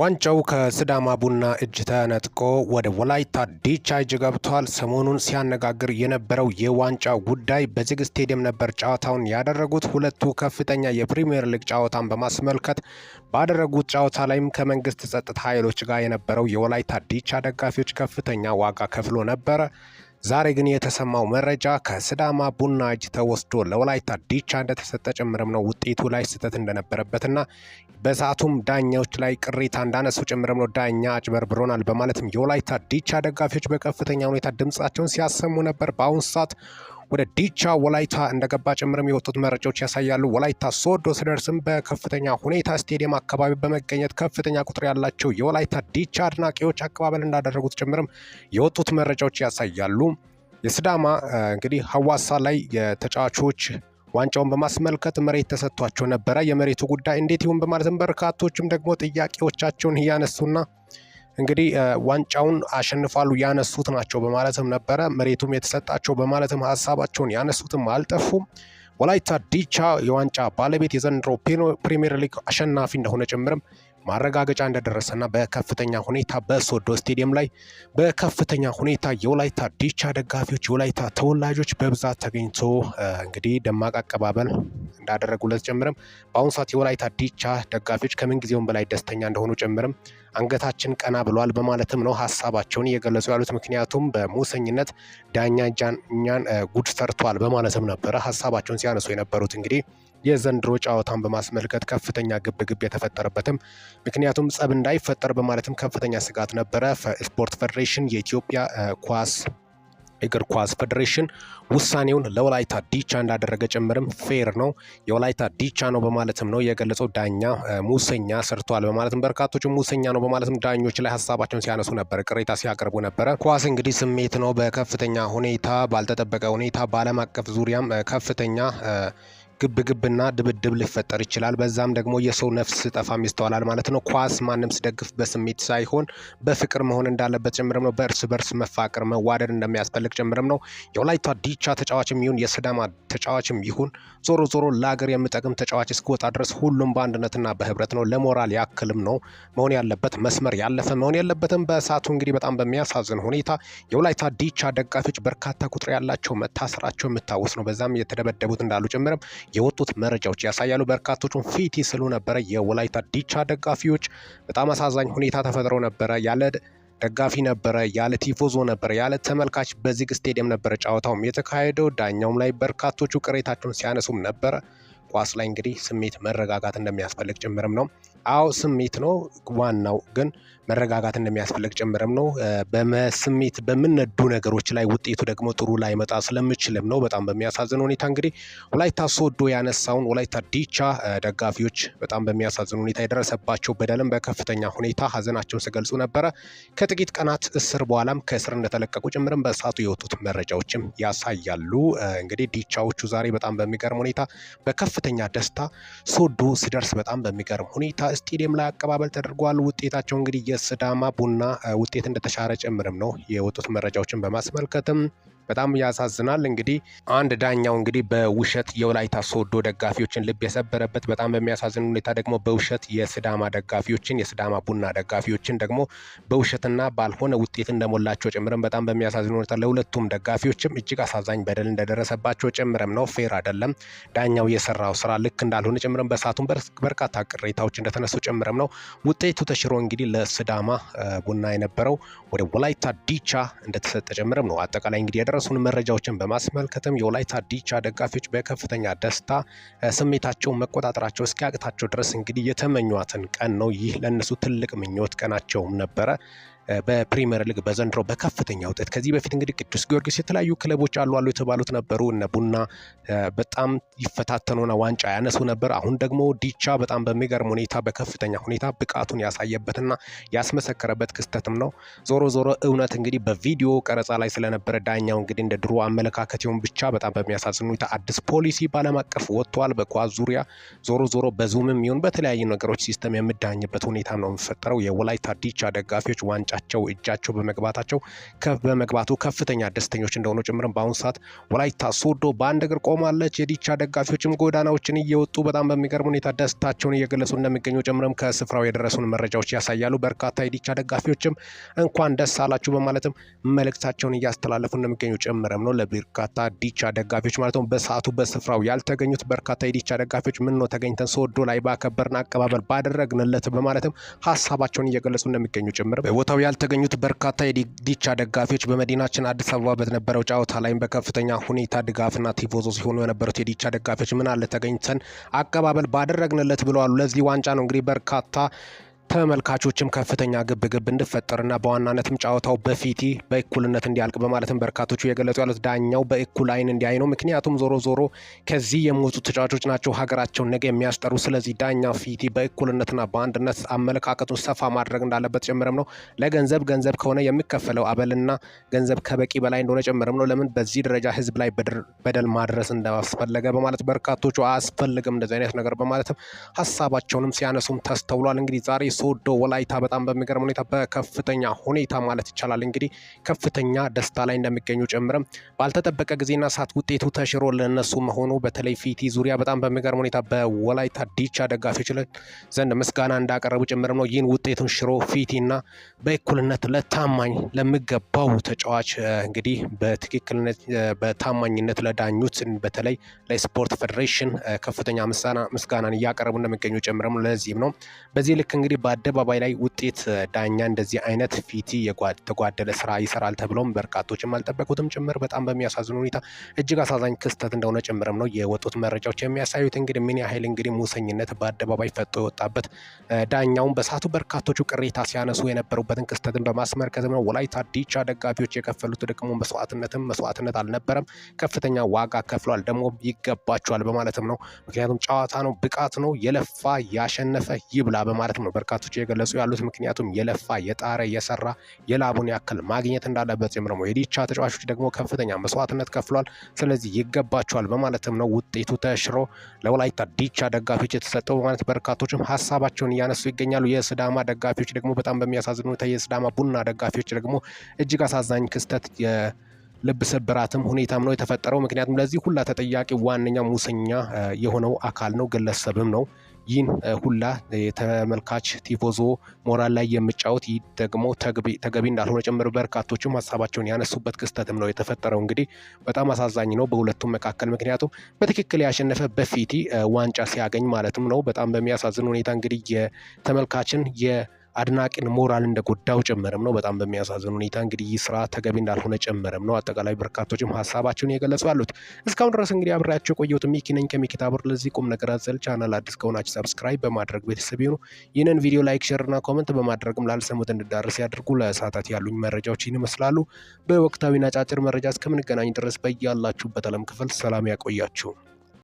ዋንጫው ከስዳማ ቡና እጅ ተነጥቆ ወደ ወላይታ ዲቻ እጅ ገብቷል። ሰሞኑን ሲያነጋግር የነበረው የዋንጫ ጉዳይ በዝግ ስቴዲየም ነበር ጨዋታውን ያደረጉት። ሁለቱ ከፍተኛ የፕሪምየር ሊግ ጨዋታን በማስመልከት ባደረጉት ጨዋታ ላይም ከመንግስት ጸጥታ ኃይሎች ጋር የነበረው የወላይታ ዲቻ ደጋፊዎች ከፍተኛ ዋጋ ከፍሎ ነበረ። ዛሬ ግን የተሰማው መረጃ ከስዳማ ቡና እጅ ተወስዶ ለወላይታ ዲቻ እንደተሰጠ ጭምርም ነው። ውጤቱ ላይ ስህተት እንደነበረበትና በሰዓቱም ዳኛዎች ላይ ቅሬታ እንዳነሱ ጭምርም ነው። ዳኛ አጭበርብሮናል በማለትም የወላይታ ዲቻ ደጋፊዎች በከፍተኛ ሁኔታ ድምፃቸውን ሲያሰሙ ነበር። በአሁኑ ሰዓት ወደ ዲቻ ወላይታ እንደገባ ጭምርም የወጡት መረጃዎች ያሳያሉ። ወላይታ ሶዶ ስደርስም በከፍተኛ ሁኔታ ስቴዲየም አካባቢ በመገኘት ከፍተኛ ቁጥር ያላቸው የወላይታ ዲቻ አድናቂዎች አቀባበል እንዳደረጉት ጭምርም የወጡት መረጃዎች ያሳያሉ። የስዳማ እንግዲህ ሀዋሳ ላይ የተጫዋቾች ዋንጫውን በማስመልከት መሬት ተሰጥቷቸው ነበረ። የመሬቱ ጉዳይ እንዴት ይሁን በማለትም በርካቶችም ደግሞ ጥያቄዎቻቸውን እያነሱና እንግዲህ ዋንጫውን አሸንፋሉ ያነሱት ናቸው በማለትም ነበረ መሬቱም የተሰጣቸው በማለትም ሀሳባቸውን ያነሱትም አልጠፉም። ወላይታ ዲቻ የዋንጫ ባለቤት የዘንድሮ ፕሪሚየር ሊግ አሸናፊ እንደሆነ ጭምርም ማረጋገጫ እንደደረሰና በከፍተኛ ሁኔታ በሶዶ ስቴዲየም ላይ በከፍተኛ ሁኔታ የወላይታ ዲቻ ደጋፊዎች፣ የወላይታ ተወላጆች በብዛት ተገኝቶ እንግዲህ ደማቅ አቀባበል እንዳደረጉለት ጭምርም በአሁኑ ሰዓት የወላይታ ዲቻ ደጋፊዎች ከምን ጊዜውም በላይ ደስተኛ እንደሆኑ ጭምርም አንገታችን ቀና ብሏል በማለትም ነው ሀሳባቸውን እየገለጹ ያሉት። ምክንያቱም በሙሰኝነት ዳኛ እኛን ጉድ ሰርቷል በማለትም ነበረ ሀሳባቸውን ሲያነሱ የነበሩት እንግዲህ የዘንድሮ ጨዋታን በማስመልከት ከፍተኛ ግብግብ የተፈጠረበትም ምክንያቱም ጸብ እንዳይፈጠር በማለትም ከፍተኛ ስጋት ነበረ። ስፖርት ፌዴሬሽን የኢትዮጵያ ኳስ እግር ኳስ ፌዴሬሽን ውሳኔውን ለወላይታ ዲቻ እንዳደረገ ጭምርም ፌር ነው የወላይታ ዲቻ ነው በማለትም ነው የገለጸው። ዳኛ ሙሰኛ ሰርቷል በማለትም በርካቶች ሙሰኛ ነው በማለትም ዳኞች ላይ ሀሳባቸውን ሲያነሱ ነበር፣ ቅሬታ ሲያቀርቡ ነበረ። ኳስ እንግዲህ ስሜት ነው። በከፍተኛ ሁኔታ ባልተጠበቀ ሁኔታ በዓለም አቀፍ ዙሪያም ከፍተኛ ግብግብና ድብድብ ሊፈጠር ይችላል። በዛም ደግሞ የሰው ነፍስ ጠፋም ይስተዋላል ማለት ነው። ኳስ ማንም ሲደግፍ በስሜት ሳይሆን በፍቅር መሆን እንዳለበት ጭምርም ነው። በእርስ በርስ መፋቅር መዋደድ እንደሚያስፈልግ ጭምርም ነው። የወላይታ ዲቻ ተጫዋችም ይሁን የስዳማ ተጫዋችም ይሁን ዞሮ ዞሮ ለሀገር የሚጠቅም ተጫዋች እስክወጣ ድረስ ሁሉም በአንድነትና በህብረት ነው። ለሞራል ያክልም ነው መሆን ያለበት መስመር ያለፈ መሆን ያለበትም። በእሳቱ እንግዲህ በጣም በሚያሳዝን ሁኔታ የወላይታ ዲቻ ደጋፊዎች በርካታ ቁጥር ያላቸው መታሰራቸው የምታወስ ነው። በዛም የተደበደቡት እንዳሉ ጭምርም የወጡት መረጃዎች ያሳያሉ። በርካቶቹን ፊት ስሉ ነበረ። የወላይታ ዲቻ ደጋፊዎች በጣም አሳዛኝ ሁኔታ ተፈጥሮ ነበረ። ያለ ደጋፊ ነበረ፣ ያለ ቲፎዞ ነበረ፣ ያለ ተመልካች በዚግ ስቴዲየም ነበረ ጨዋታውም የተካሄደው። ዳኛውም ላይ በርካቶቹ ቅሬታቸውን ሲያነሱም ነበረ። ኳስ ላይ እንግዲህ ስሜት መረጋጋት እንደሚያስፈልግ ጭምርም ነው። አዎ ስሜት ነው ዋናው፣ ግን መረጋጋት እንደሚያስፈልግ ጭምርም ነው። በስሜት በምነዱ ነገሮች ላይ ውጤቱ ደግሞ ጥሩ ላይመጣ ስለምችልም ነው። በጣም በሚያሳዝን ሁኔታ እንግዲህ ወላይታ ሶዶ ያነሳውን ወላይታ ዲቻ ደጋፊዎች በጣም በሚያሳዝን ሁኔታ የደረሰባቸው በደልም በከፍተኛ ሁኔታ ሀዘናቸውን ሲገልጹ ነበረ። ከጥቂት ቀናት እስር በኋላም ከእስር እንደተለቀቁ ጭምርም በእሳቱ የወጡት መረጃዎችም ያሳያሉ። እንግዲህ ዲቻዎቹ ዛሬ በጣም በሚገርም ሁኔታ በከፍ ከፍተኛ ደስታ ሶዶ ሲደርስ በጣም በሚገርም ሁኔታ ስቴዲየም ላይ አቀባበል ተደርጓል። ውጤታቸው እንግዲህ የስዳማ ቡና ውጤት እንደተሻረ ጭምርም ነው የወጡት መረጃዎችን በማስመልከትም በጣም ያሳዝናል። እንግዲህ አንድ ዳኛው እንግዲህ በውሸት የወላይታ ሶዶ ደጋፊዎችን ልብ የሰበረበት በጣም በሚያሳዝን ሁኔታ ደግሞ በውሸት የስዳማ ደጋፊዎችን የስዳማ ቡና ደጋፊዎችን ደግሞ በውሸትና ባልሆነ ውጤት እንደሞላቸው ጭምርም በጣም በሚያሳዝን ሁኔታ ለሁለቱም ደጋፊዎችም እጅግ አሳዛኝ በደል እንደደረሰባቸው ጭምርም ነው። ፌር አይደለም። ዳኛው የሰራው ስራ ልክ እንዳልሆነ ጭምርም በሳቱን በርካታ ቅሬታዎች እንደተነሱ ጭምርም ነው። ውጤቱ ተሽሮ እንግዲህ ለስዳማ ቡና የነበረው ወደ ወላይታ ዲቻ እንደተሰጠ ጭምርም ነው። አጠቃላይ እንግዲህ የደረሱን መረጃዎችን በማስመልከትም የወላይታ ዲቻ ደጋፊዎች በከፍተኛ ደስታ ስሜታቸውን መቆጣጠራቸው እስኪያቅታቸው ድረስ እንግዲህ የተመኟትን ቀን ነው። ይህ ለእነሱ ትልቅ ምኞት ቀናቸውም ነበረ። በፕሪሚየር ሊግ በዘንድሮ በከፍተኛ ውጤት ከዚህ በፊት እንግዲህ ቅዱስ ጊዮርጊስ የተለያዩ ክለቦች አሉ አሉ የተባሉት ነበሩ። እነ ቡና በጣም ይፈታተኑና ዋንጫ ያነሱ ነበር። አሁን ደግሞ ዲቻ በጣም በሚገርም ሁኔታ በከፍተኛ ሁኔታ ብቃቱን ያሳየበትና ያስመሰከረበት ክስተትም ነው። ዞሮ ዞሮ እውነት እንግዲህ በቪዲዮ ቀረጻ ላይ ስለነበረ ዳኛው እንግዲህ እንደ ድሮ አመለካከቴውን ብቻ በጣም በሚያሳዝን ሁኔታ አዲስ ፖሊሲ ባለም አቀፍ ወጥቷል በኳስ ዙሪያ። ዞሮ ዞሮ በዙምም ይሁን በተለያዩ ነገሮች ሲስተም የምዳኝበት ሁኔታ ነው የሚፈጠረው። የወላይታ ዲቻ ደጋፊዎች ዋንጫ እጃቸው እጃቸው በመግባታቸው በመግባቱ ከፍተኛ ደስተኞች እንደሆኑ ጭምርም በአሁኑ ሰዓት ወላይታ ሶዶ በአንድ እግር ቆማለች። የዲቻ ደጋፊዎችም ጎዳናዎችን እየወጡ በጣም በሚገርም ሁኔታ ደስታቸውን እየገለጹ እንደሚገኙ ጭምርም ከስፍራው የደረሱን መረጃዎች ያሳያሉ። በርካታ የዲቻ ደጋፊዎችም እንኳን ደስ አላችሁ በማለትም መልእክታቸውን እያስተላለፉ እንደሚገኙ ጭምርም ነው። ለበርካታ ዲቻ ደጋፊዎች ማለት ነው በሰዓቱ በስፍራው ያልተገኙት በርካታ የዲቻ ደጋፊዎች ምን ነው ተገኝተን ሶዶ ላይ ባከበርን አቀባበል ባደረግንለት በማለትም ሀሳባቸውን እየገለጹ እንደሚገኙ ጭምርም ቦታው ያልተገኙት በርካታ የዲቻ ደጋፊዎች በመዲናችን አዲስ አበባ በነበረው ጨዋታ ላይም በከፍተኛ ሁኔታ ድጋፍና ቲፎዞ ሲሆኑ የነበሩት የዲቻ ደጋፊዎች ምን አለ ተገኝተን አቀባበል ባደረግንለት ብለዋሉ። ለዚህ ዋንጫ ነው እንግዲህ በርካታ ተመልካቾችም ከፍተኛ ግብግብ እንዲፈጠርና በዋናነትም ጨዋታው በፊቲ በእኩልነት እንዲያልቅ በማለትም በርካቶቹ የገለጹ ያሉት ዳኛው በእኩል አይን እንዲያይ ነው። ምክንያቱም ዞሮ ዞሮ ከዚህ የሚወጡ ተጫዋቾች ናቸው ሀገራቸውን ነገ የሚያስጠሩ። ስለዚህ ዳኛ ፊቲ በእኩልነትና በአንድነት አመለካከቱን ሰፋ ማድረግ እንዳለበት ጭምርም ነው። ለገንዘብ ገንዘብ ከሆነ የሚከፈለው አበልና ገንዘብ ከበቂ በላይ እንደሆነ ጭምርም ነው። ለምን በዚህ ደረጃ ህዝብ ላይ በደል ማድረስ እንዳስፈለገ በማለት በርካቶቹ አያስፈልግም እንደዚህ አይነት ነገር በማለትም ሀሳባቸውንም ሲያነሱም ተስተውሏል። እንግዲህ ዛሬ ሶዶ ወላይታ በጣም በሚገርም ሁኔታ በከፍተኛ ሁኔታ ማለት ይቻላል እንግዲህ ከፍተኛ ደስታ ላይ እንደሚገኙ ጭምርም ባልተጠበቀ ጊዜና ሰዓት ውጤቱ ተሽሮ ለነሱ መሆኑ በተለይ ፊቲ ዙሪያ በጣም በሚገርም ሁኔታ በወላይታ ዲቻ ደጋፊዎች ዘንድ ምስጋና እንዳቀረቡ ጭምርም ነው። ይህን ውጤቱን ሽሮ ፊቲና በእኩልነት ለታማኝ ለሚገባው ተጫዋች እንግዲህ በትክክልነት በታማኝነት ለዳኙት በተለይ ለስፖርት ፌዴሬሽን ከፍተኛ ምስጋናን እያቀረቡ እንደሚገኙ ጭምርም ለዚህም ነው በዚህ ልክ እንግዲህ በአደባባይ ላይ ውጤት ዳኛ እንደዚህ አይነት ፊቲ የተጓደለ ስራ ይሰራል ተብለውም በርካቶችም አልጠበቁትም ጭምር በጣም በሚያሳዝን ሁኔታ እጅግ አሳዛኝ ክስተት እንደሆነ ጭምርም ነው የወጡት መረጃዎች የሚያሳዩት። እንግዲህ ምን ያህል እንግዲህ ሙሰኝነት በአደባባይ ፈጦ የወጣበት ዳኛውን በሳቱ በርካቶቹ ቅሬታ ሲያነሱ የነበሩበትን ክስተትን በማስመልከትም ነው። ወላይታ ዲቻ ደጋፊዎች የከፈሉት ደግሞ መስዋዕትነትም መስዋዕትነት አልነበረም። ከፍተኛ ዋጋ ከፍሏል፣ ደግሞ ይገባቸዋል በማለትም ነው። ምክንያቱም ጨዋታ ነው፣ ብቃት ነው፣ የለፋ ያሸነፈ ይብላ በማለትም ነው በርካ ወጣቶች እየገለጹ ያሉት። ምክንያቱም የለፋ የጣረ የሰራ የላቡን ያክል ማግኘት እንዳለበት ጭምር ነው። የዲቻ ተጫዋቾች ደግሞ ከፍተኛ መስዋዕትነት ከፍሏል፣ ስለዚህ ይገባቸዋል በማለትም ነው ውጤቱ ተሽሮ ለወላይታ ዲቻ ደጋፊዎች የተሰጠው በማለት በርካቶችም ሀሳባቸውን እያነሱ ይገኛሉ። የስዳማ ደጋፊዎች ደግሞ በጣም በሚያሳዝን ሁኔታ የስዳማ ቡና ደጋፊዎች ደግሞ እጅግ አሳዛኝ ክስተት ልብ ስብራትም ሁኔታም ነው የተፈጠረው። ምክንያቱም ለዚህ ሁላ ተጠያቂ ዋነኛ ሙሰኛ የሆነው አካል ነው ግለሰብም ነው። ይህን ሁላ የተመልካች ቲፎዞ ሞራል ላይ የምጫወት ይህ ደግሞ ተገቢ እንዳልሆነ ጭምር በርካቶችም ሀሳባቸውን ያነሱበት ክስተትም ነው የተፈጠረው። እንግዲህ በጣም አሳዛኝ ነው በሁለቱም መካከል። ምክንያቱም በትክክል ያሸነፈ በፊቲ ዋንጫ ሲያገኝ ማለትም ነው። በጣም በሚያሳዝን ሁኔታ እንግዲህ የተመልካችን የ አድናቂን ሞራል እንደጎዳው ጭምርም ነው። በጣም በሚያሳዝን ሁኔታ እንግዲህ ይህ ስራ ተገቢ እንዳልሆነ ጭምርም ነው። አጠቃላይ በርካቶችም ሀሳባቸውን የገለጹ አሉት። እስካሁን ድረስ እንግዲህ አብሬያቸው የቆየሁት ሚኪ ነኝ ከሚኪታቡር። ለዚህ ቁም ነገር አዘል ቻናል አዲስ ከሆናችሁ ሰብስክራይብ በማድረግ ቤተሰብ ይሁኑ። ይህንን ቪዲዮ ላይክ፣ ሼር እና ኮመንት በማድረግም ላልሰሙት እንድዳረስ ያድርጉ። ለሰዓታት ያሉኝ መረጃዎች ይህን ይመስላሉ። በወቅታዊና ጫጭር መረጃ እስከምንገናኝ ድረስ በያላችሁበት አለም ክፍል ሰላም ያቆያችሁ።